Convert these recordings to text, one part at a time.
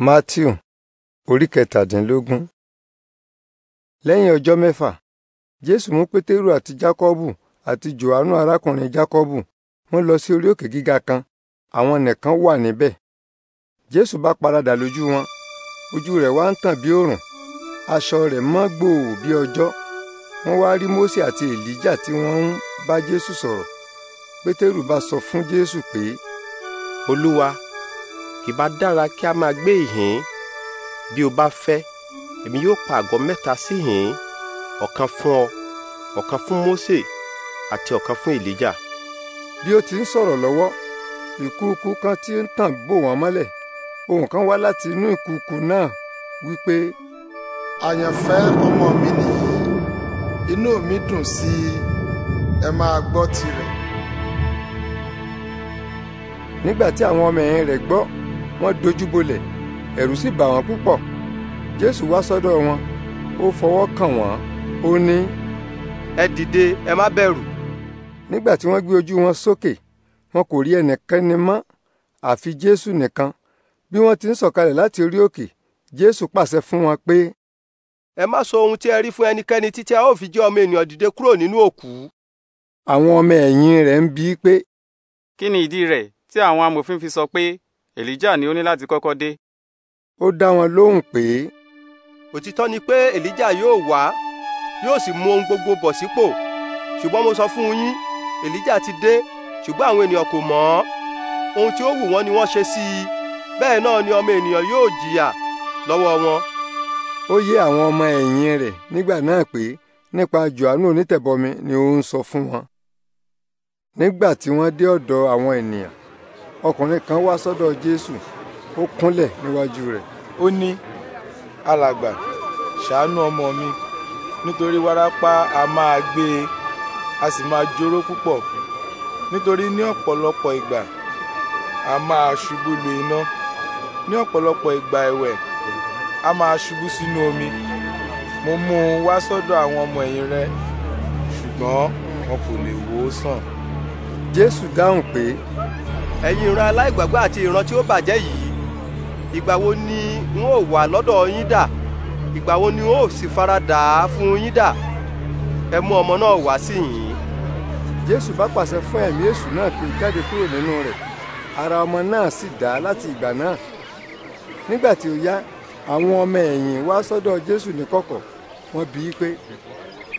Matthew orí kẹtàdínlógún. Lẹ́yìn ọjọ́ mẹ́fà, Jésù mú Pétérù àti Jákọ́bù àti Jòhánù arákùnrin Jákọ́bù wọ́n lọ sí orí òkè gíga kan, àwọn nìkan wà níbẹ̀. Jésù bá paradà lójú wọn, ojú rẹ̀ wá ń tàn bí òòrùn, aṣọ rẹ̀ mọ́ gbòò bí ọjọ́. Wọ́n wá rí Mósè àti Èlíjà tí wọ́n ń bá Jésù sọ̀rọ̀. Pétérù bá sọ fún Jésù pé, Olúwa, ìbá dára kí a máa gbé ìhín bí o bá fẹ́ èmi yóò pa àgọ́ mẹ́ta sí ìhín ọ̀kan fún ọ ọ̀kan fún Mósè àti ọ̀kan fún Èlíjà. bí ó ti ń sọ̀rọ̀ lọ́wọ́ ìkùukù kan tí ń tàn bò wọ́n mọ́lẹ̀ ohùn kan wá láti inú ìkùukù náà wípé. àyànfẹ́ ọmọ mi nìyí inú mi dùn sí ẹ máa gbọ́ tirẹ̀. nígbà tí àwọn ọmọ ẹ̀yìn rẹ̀ gbọ́ wọ́n dojúbolẹ̀ ẹ̀rù sì bà wọ́n púpọ̀ jésù wá sọ́dọ̀ wọn ó fọwọ́ kàn wọ́n ó ní. ẹ dìde ẹ má bẹ̀rù. nígbà tí wọ́n gbé ojú wọn sókè wọn kò rí ẹnìkanni mọ́ àfi jésù nìkan bí wọ́n ti ń sọ̀kalẹ̀ láti orí òkè jésù pàṣẹ fún wọn pé. ẹ má sọ ohun tí ẹ rí fún ẹnikẹ́ni títí a ó fi jẹ́ ọmọ ènìyàn dìde kúrò nínú òkú. àwọn ọmọ ẹ̀yìn rẹ̀ ń bi í pé. kí ni ìdí rẹ̀ tí àwọn amòfin fi sọ pé èlíjà ni ó ní láti kọ́kọ́ dé. ó dá wọn lóhùn pé. òtítọ́ ni pé èlíjà yóò wá yóò sì mú ohun gbogbo bọ̀ sípò ṣùgbọ́n mo sọ fún yín èlíjà ti dé ṣùgbọ́n àwọn ènìyàn kò mọ̀ ọ́ ohun tí ó wù wọ́n ni wọ́n ṣe sí i bẹ́ẹ̀ náà ni ọmọ ènìyàn yóò jìyà lọ́wọ́ wọn. ó yé àwọn ọmọ ẹ̀yìn rẹ̀ nígbà náà pé nípa Jòhánù onítẹ̀bọmi ni ó ń sọ fún wọn. nígbà tí wọ́n dé ọ̀dọ̀ àwọn ènìyàn ọkùnrin kan wá sọ́dọ̀ jésù ó kúnlẹ̀ níwájú rẹ̀ ó ní alàgbà ṣàánú ọmọ mi nítorí wárápá a máa gbé e a sì máa jóró púpọ̀ nítorí ní ọ̀pọ̀lọpọ̀ ìgbà a máa ṣubú lu iná ní ọ̀pọ̀lọpọ̀ ìgbà ẹ̀wẹ̀ a máa ṣubú sínú omi mo mú un wá sọ́dọ̀ àwọn ọmọ ẹ̀yìn rẹ̀ ṣùgbọ́n wọn kò lè wò ó sàn. jésù dáhùn pé ẹ̀yin ìran aláìgbàgbọ́ àti ìran tí ó bàjẹ́ yìí ìgbà wo ni n ó wà lọ́dọ̀ yín dà ìgbà wo ni n ó sì fara dà á fún yín dà ẹ mú ọmọ náà wá sí yìí. jésù bá pàṣẹ fún ẹ̀mí èṣù náà kí ó jáde kúrò nínú rẹ̀ ara ọmọ náà sì dá láti ìgbà náà nígbà tí ó yá àwọn ọmọ ẹ̀yìn wá sọ́dọ̀ jésù níkọ̀kọ̀ wọ́n bi í pé.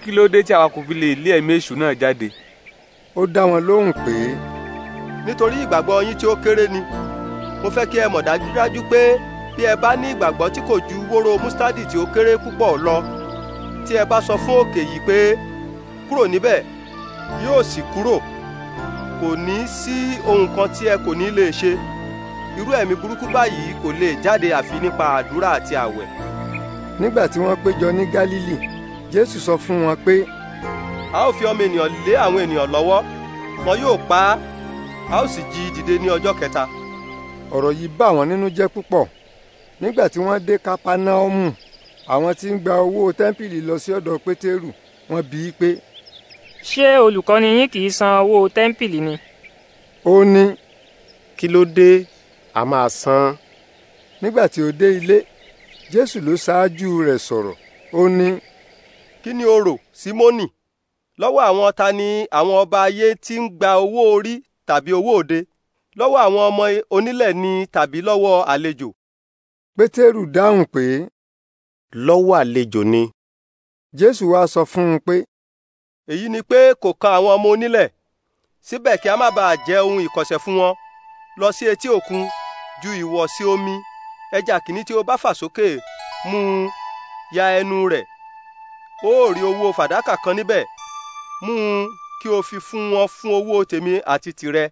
kí ló dé tí àwa kò fi lè lé ẹ̀mí èṣù náà jáde. ó dá wọn lóhùn pé nítorí ìgbàgbọ́ yín tí ó kéré ni mo fẹ́ kí ẹ mọ̀ dájúdájú pé bí ẹ bá ní ìgbàgbọ́ tí kò ju wóró mustadi tí ó kéré púpọ̀ lọ tí ẹ bá sọ fún òkè yìí pé kúrò níbẹ̀ yóò sì kúrò kò ní sí ohun kan tí ẹ kò ní lè ṣe irú ẹ̀mí burúkú báyìí kò lè jáde àfi nípa àdúrà àti àwẹ̀. nígbà tí wọ́n péjọ ní Gálílì Jésù sọ fún wọn pé. a ó fi ọmọ ènìyàn lé àwọn ènìyàn lọ́wọ́ wọn yóò pa á a ó sì jí dìde ní ọjọ́ kẹta. ọ̀rọ̀ yìí bà wọ́n nínú jẹ́ púpọ̀ nígbà tí wọ́n dé kapanaumu àwọn tí ń gba owó tẹ́ḿpìlì lọ sí ọ̀dọ̀ pétérù wọ́n bi í pé. ṣé olùkọ́ni yín kì í san owó tẹ́ḿpìlì ni. ó ní. kí ló dé a máa san. nígbà tí ó dé ilé jésù ló ṣáájú rẹ̀ sọ̀rọ̀ ó ní. kí ni o rò símónì lọ́wọ́ àwọn ta ni àwọn ọba ayé ti ń gba owó orí tàbí owó òde lọ́wọ́ àwọn ọmọ onílẹ̀ ni tàbí lọ́wọ́ àlejò. pétérù dáhùn pé lọ́wọ́ àlejò ni. jésù wá sọ fún un pé. èyí ni pé kò kan àwọn ọmọ onílẹ̀ síbẹ̀ kí a má bàa jẹ́ ohun ìkọ̀sẹ̀ fún wọn lọ sí etí òkun ju ìwọ̀ sí omi ẹja kìíní tí ó bá fà sókè mú un ya ẹnu rẹ̀ ó rí owó fàdákà kan níbẹ̀ mú un kí o fi fún wọn fún owó tèmi àti tìrẹ